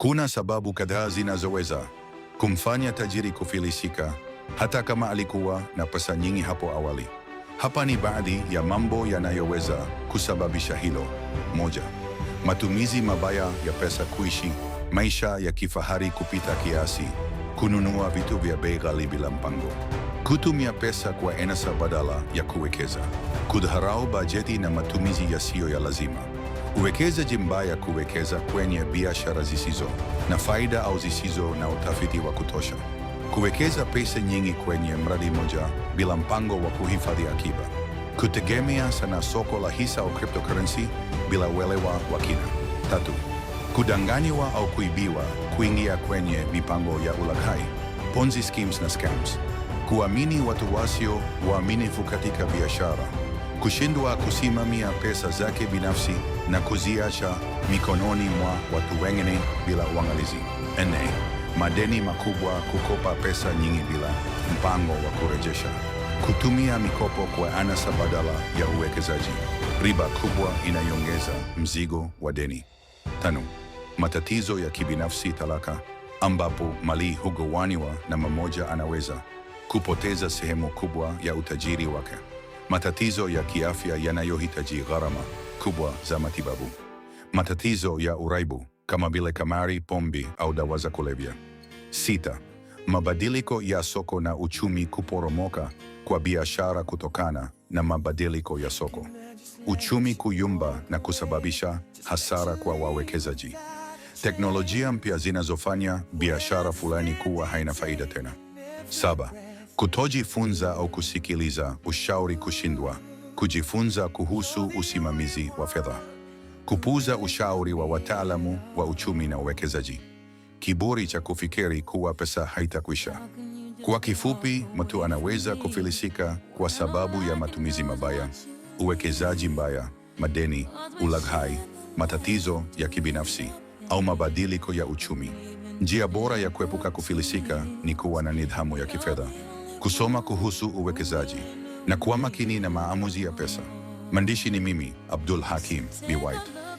Kuna sababu kadhaa zinazoweza kumfanya tajiri kufilisika hata kama alikuwa na pesa nyingi hapo awali. Hapa ni baadhi ya mambo yanayoweza kusababisha hilo. Moja, matumizi mabaya ya pesa: kuishi maisha ya kifahari kupita kiasi, kununua vitu vya bei ghali bila mpango, kutumia pesa kwa anasa badala ya kuwekeza, kudharau bajeti na matumizi yasiyo ya lazima. Uwekezaji mbaya: kuwekeza kwenye biashara zisizo na faida au zisizo na utafiti wa kutosha, kuwekeza pesa nyingi kwenye mradi mmoja bila mpango wa kuhifadhi akiba, kutegemea sana soko la hisa au cryptocurrency bila uelewa wa kina. Tatu, kudanganywa au kuibiwa: kuingia kwenye mipango ya ulaghai, ponzi schemes na scams, kuamini watu wasio waaminifu katika biashara kushindwa kusimamia pesa zake binafsi na kuziacha mikononi mwa watu wengine bila uangalizi. Nne, madeni makubwa, kukopa pesa nyingi bila mpango wa kurejesha, kutumia mikopo kwa anasa badala ya uwekezaji, riba kubwa inayoongeza mzigo wa deni. Tano, matatizo ya kibinafsi, talaka, ambapo mali hugowaniwa na mmoja anaweza kupoteza sehemu kubwa ya utajiri wake matatizo ya kiafya yanayohitaji gharama kubwa za matibabu, matatizo ya uraibu kama vile kamari, pombi au dawa za kulevya. Sita, mabadiliko ya soko na uchumi kuporomoka kwa biashara kutokana na mabadiliko ya soko, uchumi kuyumba na kusababisha hasara kwa wawekezaji, teknolojia mpya zinazofanya biashara fulani kuwa haina faida tena. Saba, Kutojifunza au kusikiliza ushauri kushindwa. Kujifunza kuhusu usimamizi wa fedha. Kupuuza ushauri wa wataalamu wa uchumi na uwekezaji. Kiburi cha kufikiri kuwa pesa haitakwisha. Kwa kifupi, mtu anaweza kufilisika kwa sababu ya matumizi mabaya, uwekezaji mbaya, madeni, ulaghai, matatizo ya kibinafsi au mabadiliko ya uchumi. Njia bora ya kuepuka kufilisika ni kuwa na nidhamu ya kifedha kusoma kuhusu uwekezaji na kuwa makini na maamuzi ya pesa. Mwandishi ni mimi Abdul Hakim B. White.